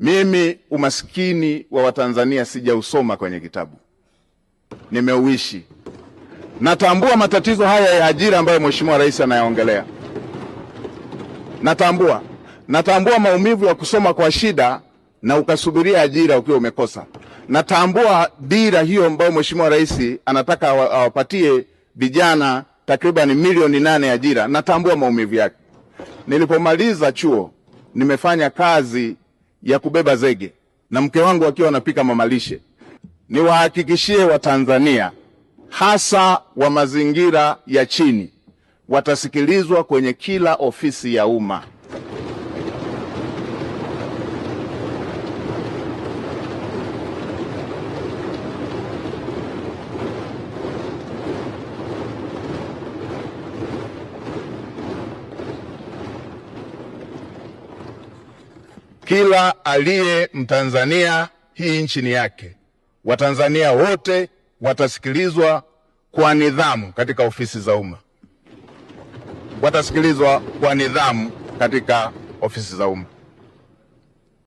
Mimi umaskini wa Watanzania sijausoma kwenye kitabu, nimeuishi. Natambua matatizo haya ya ajira ambayo Mheshimiwa Rais anayaongelea, natambua, natambua maumivu ya kusoma kwa shida na ukasubiria ajira ukiwa umekosa. Natambua dira hiyo ambayo Mheshimiwa Rais anataka awapatie vijana takriban milioni nane ajira. Natambua maumivu yake. Nilipomaliza chuo nimefanya kazi ya kubeba zege na mke wangu akiwa anapika mamalishe. Niwahakikishie Watanzania hasa wa mazingira ya chini watasikilizwa kwenye kila ofisi ya umma. Kila aliye Mtanzania, hii nchi ni yake. Watanzania wote watasikilizwa kwa nidhamu katika ofisi za umma, watasikilizwa kwa nidhamu katika ofisi za umma.